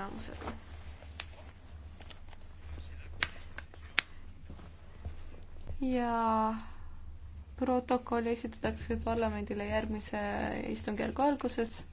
häälteenamusega. ja protokolli esitatakse parlamendile järgmise istungjärgu alguses